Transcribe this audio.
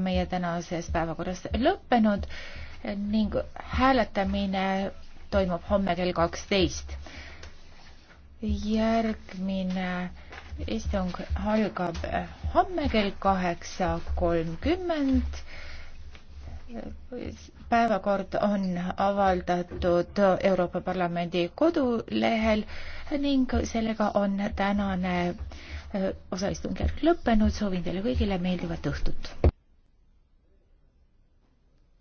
meie tänases päevakorras lõppenud ning hääletamine toimub homme kell kaksteist. järgmine istung algab homme kell kaheksa kolmkümmend. päevakord on avaldatud Euroopa Parlamendi kodulehel ning sellega on tänane osaistungjärk lõppenud. soovin teile kõigile meeldivat õhtut.